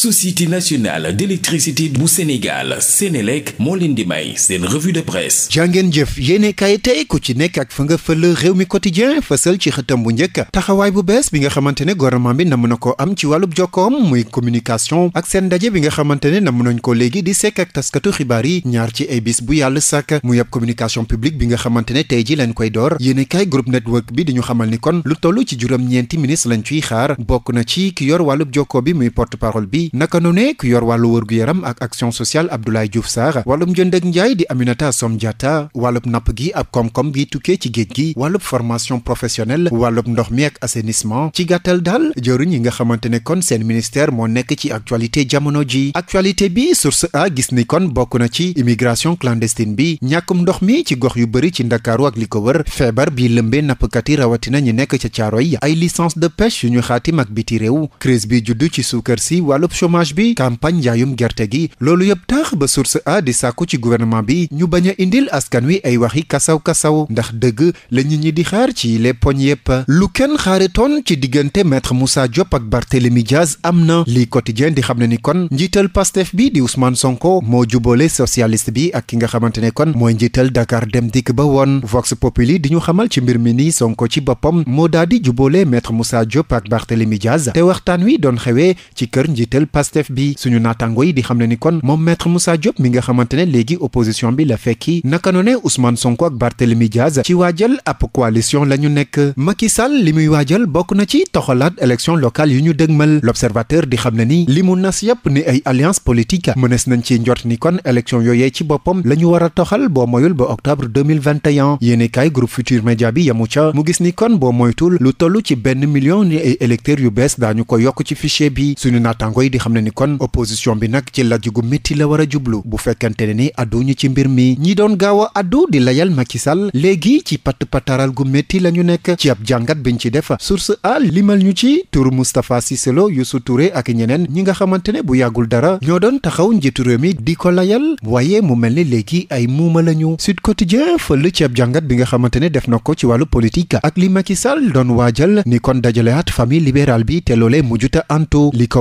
société nationale d'électricité bu Sénégal Sénélec moo leen di may seen revue de presse jàngeen jëf yéene kaay tey ku ci nekk ak fa nga fël réew mi quotidien fësal ci xëtam bu njëkk taxawaay bu bees bi nga xamante ne gouvernement bi namm na ko am ci wàllub jokkoom muy communication ak seen ndaje bi nga xamante ne namm nañ ko léegi di sekk ak taskatu xibaar yi ñaar ci ay bis bu yàlla sàkk muy ab communication publique bi nga xamante ne tey ji lañ koy door yéene kaay groupe network bi di ñu xamal ni kon lu toll ci juróom-ñeenti ministre lañ ciy xaar bokk na ci ki yor wàllub jokkoo bi muy porte parole bi naka nu ku yor wàllu wërgu yaram ak action sociale Abdoulaye Diouf Sarr wàllum jënd ak njaay di Aminata Assome Diatta wàllub napp gi ak koom-koom gi tukkee ci géej gi wàllub formation professionnelle wàllub ndox mi ak assainissement ci gàttal daal jëruñ yi nga xamante ne kon seen ministère moo nekk ci actualité jamono ji actualité bi source a gis ni kon bokk na ci immigration clandestine bi ñàkkum ndox mi ci gox yu bëri ci ndakaaru ak li ko wër feebar bi lëmbee nappkat yi rawatina ñi nekk ca caaro yi ay licence de pêche yu ñu xaatim ak biti réew crise bi juddu ci suukar si wàllub chômage bi campagne njaayum gerte gi loolu yëpp tax ba source a di sàkku ci gouvernement bi ñu bañ a indil askan wi ay waxi kasaw-kasaw ndax dëgg la nit ñi di xaar ci les poñ yëpp lu kenn xaaritoon ci diggante maître musa jopp ak Barthélémy Diaz am na lii quotidien di xam ne ni kon njiital pastef bi di Ousmane Sonko moo jubóole socialiste bi ak ki nga xamante ne kon mooy njiital Dakar dem dikk ba woon Vox Populi di ñu xamal ci mbir mi ni Sonko ci boppam moo daal di jubóole maître Moussa Diop ak Barthélémy Diaz te waxtaan wi doon xewee ci kër njiital pastef bi suñu naataango yi di xam ne ni kon moom maître Moussa Diop mi nga xamante ne léegi opposition bi la fekki naka noone Ousmane Sonko ak Barthélemy Diaz ci waajal ab coalition la ñu nekk Macky Sall li muy waajal bokk na ci toxalaat élection locale yu ñu dëgmal l'observateur di xam ne ni li mu nas yëpp ni ay alliance politique mënees nañ ci njort ni kon élection yooye ci boppam la ñu war a toxal boo moyul ba octobre 2021 yéene kaay groupe Futur Média bi yamu ca mu gis ni kon boo moytul lu toll ci benn million ni ay électeurs yu bees ko yokk ci fichier bi suñu naataango xam ne ni kon opposition bi nag ci lajj gu métti la war a jublu bu fekkente ne ni adduñu ci mbir mi ñi doon gaaw a addu di layal Macky Sall léegi ci patt pataral gu métti la ñu nekk ci ab jàngat biñ ci def source a limal ñu ci tur Moustapha siselo yu Youssou Touré ak ñeneen ñi nga xamante ne bu yàggul dara ñoo doon taxaw njiitu réew mi di ko layal waaye mu mel ni léegi ay muuma la ñu Sud Quotidien fël ci ab jàngat bi nga xamante ne def na ko ci wàllu politique ak li Macky Sall doon waajal ni kon dajaleaat famille libérale bi te loolee mujjuta antu li ko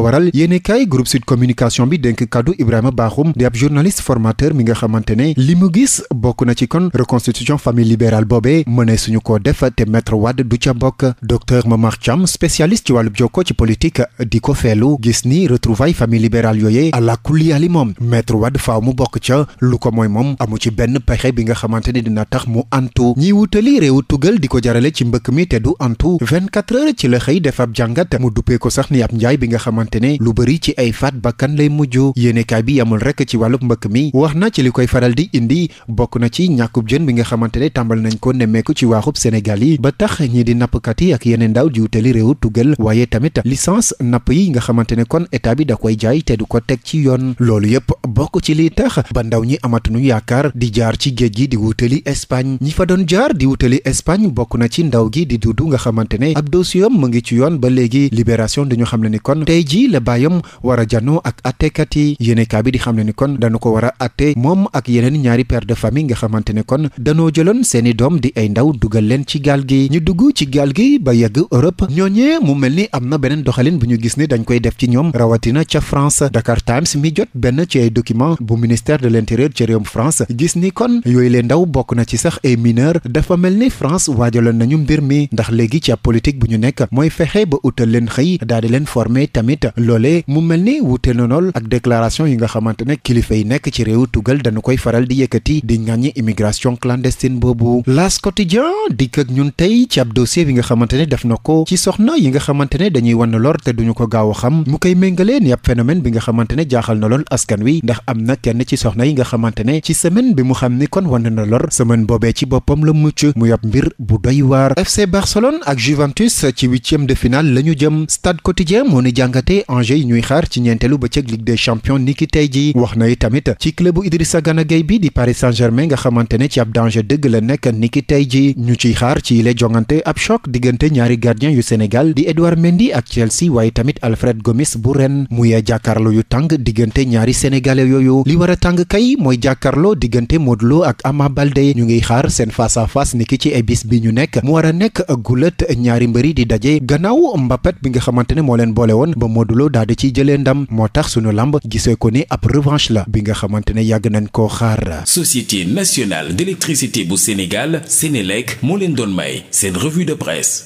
kaay groupe sud communication bi dénk kàddu Ibrahima Bakhoum di ab journaliste formateur mi nga xamante ne li mu gis bokk na ci kon reconstitution famille libérale boobee mëne suñu ko def te metre Wade du ca bokk docteur Mamar Thiam spécialiste ci wàllub jokko ci politique di ko feelu gis ni retrouvaille famille libérale yooyee à la kuliyali moom maître Wade faaw mu bokk ca lu ko mooy moom amu ci benn pexe bi nga xamante ne dina tax mu antu ñiy wutali réewu tugal di ko jarale ci mbëkk mi te du antu 24 heures ci la xëy def ab jàngat mu duppee ko sax ni ab njaay bi nga xamante ne lu bëri ci ay faat bakkan lay mujj yéenekaay bi yamul rek ci wàllu mbëkk mi wax na ci li koy faral di indi bokk na ci ñàkkub jën bi nga xamante ne tàmbal nañ ko nemmeeku ci waaxub Sénégal yi ba tax ñi di nappkat yi ak yeneen ndaw di wutali réew tugal waaye tamit licence napp yi nga xamante ne kon état bi da koy jaay te du ko teg ci yoon loolu yëpp bokk ci li tax ba ndaw ñi amatuñu yaakaar di jaar ci géej gi di wutali Espagne ñi fa doon jaar di wutali Espagne bokk na ci ndaw gi di dudu nga xamante ne ab dossier mu ngi ci yoon ba léegi libération dañu xam ne ni kon tey ji la war a janoo ak attekat yi yéenekaay bi di xam ne ni kon dañu ko war a atte moom ak yeneen ñaari père de famille nga xamante ne kon danoo jëloon seeni doom di ay ndaw dugal leen ci gaal gi ñu dugg ci gaal gi ba yegg Europe ñooñee mu mel ni am na beneen doxalin bu ñu gis ni dañ koy def ci ñoom rawatina ca France Dakar Times mi jot benn ci ay document bu ministère de l'intérieur ci réewum France gis ni kon yooyu leen ndaw bokk na ci sax ay mineur dafa mel ni France waajaloon nañu mbir mi ndax léegi ci politique bu ñu nekk mooy fexe ba utal leen xëy daal di leen former tamit loolee mu mel ni wuute na lool ak déclaration yi nga xamante ne kilifa yi nekk ci réew tugal dañu koy faral di yëkkati di ŋàññi immigration clandestine boobu L'As Quotidien dikk ak ñun tey ci ab dossier bi nga xamante ne def na ko ci soxna yi nga xamante ne dañuy wan lor te duñu ko gaaw a xam mu koy méngalee ni ab phénomène bi nga xamante ne jaaxal na lool askan wi ndax am na kenn ci soxna yi nga xamante ne ci semaine bi mu xam ni kon wan na lor semaine boobee ci boppam la mu mbir bu doy waar FC Barcelone ak Juventus ci huitième de la ñu jëm stade quotidien moo ni jàngate enjeu ñuy xaar ci ñeenteelu bëccëg Ligue des champions niki tey jii wax na tamit ci clubu Idrissa Gana Gueye bi di Paris Saint-Germain nga xamante ne ci ab danger dëgg la nekk niki tey jii ñu ciy xaar ci yile jongante ab choc diggante ñaari gardien yu Sénégal di Edouard Mendy ak Chelsea waaye tamit Alfred Gomis bu ren muy jàkkaarloo yu tàng diggante ñaari sénégalais yooyu li war a tàng kay mooy jàkkaarloo diggante Modou Lo ak Ama Baldé ñu ngiy xaar seen face à face niki ci ebis bi nekk mu war a nekk gulat ñaari mbëri di daje gannaaw mbapat bi ciy jëlee ndam moo tax sunu lamb gisee ko ni ab revanche la bi nga xamante ne yàgg nañ koo xaar. Société nationale d'électricité bu Sénégal Sénélec moo leen doon may seen revue de presse.